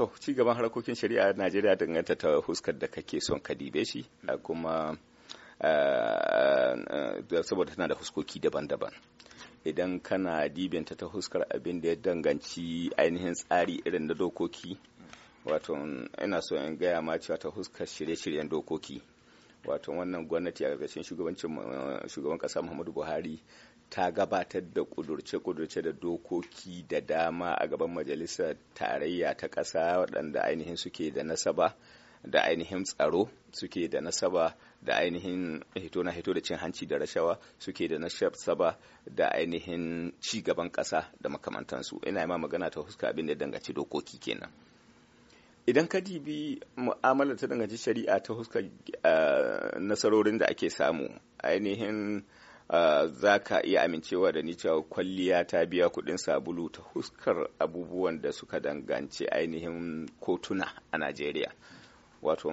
to ci gaban harkokin shari'a a najeriya danganta ta huskar da kake son ka dibe shi kuma eh, eh, saboda tana da huskoki daban-daban idan kana dibinta ta huskar abin da ya danganci ainihin tsari irin na dokoki wato ina so in gaya ma cewa ta huskar shirye-shiryen dokoki wato wannan gwamnati a ƙarƙashin eh, shugaban ƙasa muhammadu buhari ta gabatar da kudurce-kudurce da dokoki da dama a gaban majalisar tarayya ta ƙasa waɗanda ainihin suke da nasaba da ainihin tsaro suke da nasaba da ainihin hito na hito da cin hanci da rashawa suke da nasaba da ainihin ci gaban ƙasa da makamantansu ina ma magana ta huska abin da dangaci dokoki kenan idan ka dibi mu'amalar ta danganci shari'a ta huska eh, nasarorin da ake samu ainihin Eh, za ka iya amincewa da ni cewa kwalliya ta biya kuɗin sabulu ta huskar abubuwan da suka danganci ainihin kotuna a najeriya wato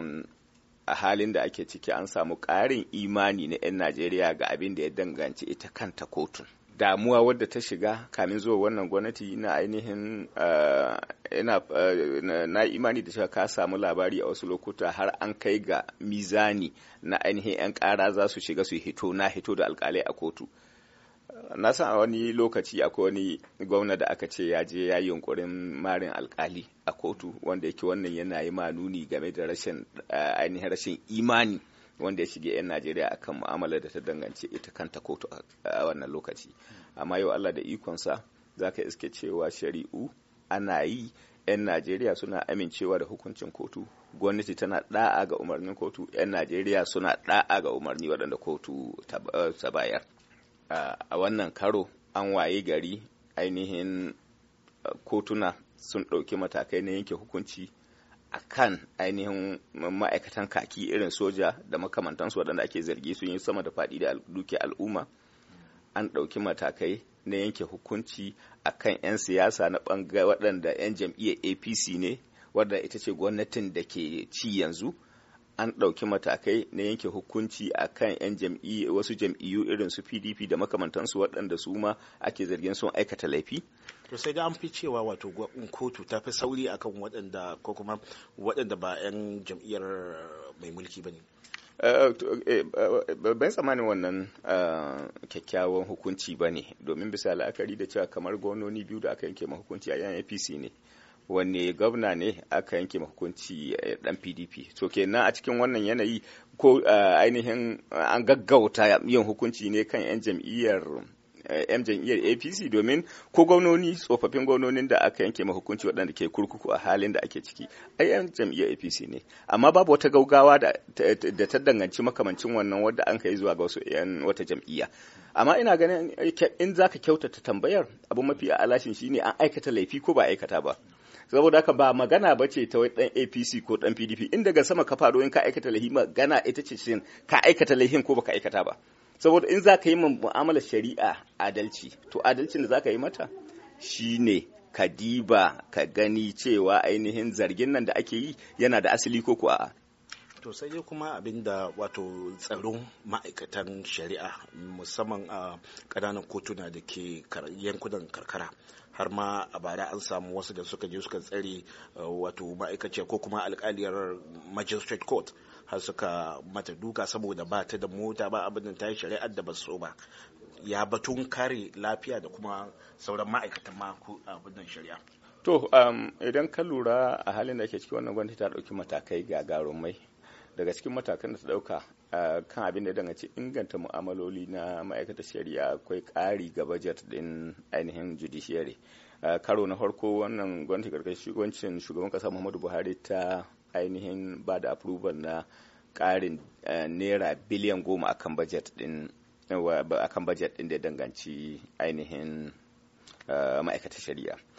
a halin da ake ciki an samu ƙarin imani na 'yan najeriya ga abin da ya danganci ita kanta kotun damuwa wadda ta shiga kamin zuwa wannan gwamnati na ainihin eh, eh, na imani da cewa ka samu labari a wasu lokuta har an kai ga mizani na ainihin 'yan kara za su shiga su hito na hito da alkalai a kotu na san wani lokaci akwai wani gwamna da aka ce ya je ya yunkurin marin alkali a kotu wanda yake wannan yana yi ma nuni game da rashin eh, ainihin rashin imani wanda ya shige 'yan najeriya akan mu'amalar da ta dangance ita kanta kotu a wannan lokaci amma yau allah da ikonsa za ka iske cewa shari'u ana yi 'yan najeriya suna amincewa da hukuncin kotu gwamnati tana da'a ga umarnin kotu 'yan najeriya suna da'a ga umarni waɗanda kotu ta bayar a wannan karo an waye gari ainihin kotuna sun ɗauki matakai na yanke hukunci a kan ainihin ma'aikatan kaki irin soja da makamantansu waɗanda ake zargi sun yi sama da faɗi da duke al'umma an ɗauki matakai na yanke hukunci a kan 'yan siyasa na ɓangare waɗanda 'yan jam'iyyar apc ne wadda ita ce gwamnatin da ke ci yanzu an ɗauki matakai na yanke hukunci a kan 'yan jam'i wasu jam'iyyu irin su pdp da makamantansu waɗanda su ma ake zargin sun aikata laifi to sai da an fi cewa wato kotu ta fi sauri akan waɗanda ko kuma waɗanda ba 'yan jam'iyyar mai mulki ba ne eh, eh, eh, ban tsamanin wannan kyakkyawan hukunci ba ne domin bisa la'akari da cewa kamar gwamnoni biyu da aka yanke ma hukunci a yan apc ne wanne gwamna ne aka yanke hukunci eh, dan pdp so kenan a cikin wannan yanayi ko eh, ainihin an gaggauta yin hukunci ne kan 'yan jam'iyyar yan eh, jam'iyyar apc domin ko gwamnoni tsofaffin gwamnonin da aka yanke hukunci waɗanda ke kurkuku a halin da ake ciki a yan jam'iyyar apc ne amma babu wata gaugawa da ta danganci makamancin wannan wadda an kai zuwa ga wasu yan wata jam'iyya amma ina ganin in zaka kyautata tambayar abu mafi alashin shine an aikata laifi ko ba aikata ba saboda haka ba magana ba ce ta wai dan apc ko dan pdp in daga sama ka faɗo in ka aikata lahi magana ita ce shin ka aikata lahi ko baka aikata ba saboda in za ka yi mu'amalar shari'a adalci to adalcin da za ka yi mata shine ka diba ka gani cewa ainihin zargin nan da ake yi yana da asali ko kuwa to sai dai kuma abinda wato tsaron ma'aikatan shari'a musamman a kananan kotuna da ke yankunan karkara har ma a bara an samu wasu da suka je suka tsare eh, wato ma'aikaciya ko kuma alkaliyar magistrate court har suka mata duka saboda ba ta da mota ba abin da ta yi shari'ar da ba so ba ya batun kare lafiya da kuma sauran ma'aikatan ma abin shari'a to um, idan ka lura a halin da ke ciki wannan gwamnati ta ɗauki matakai gagarumai daga cikin matakan da ta dauka eh, kan abin da dangace inganta mu'amaloli na ma'aikatar shari'a akwai ƙari ga bajet din ainihin judiciary eh, karo na farko wannan gwamnati karkashin shugabancin shugaban kasa muhammadu buhari ta ainihin ba da approval na ƙarin eh, naira biliyan goma akan bajet din akan bajet din da danganci ainihin ma'aikatar shari'a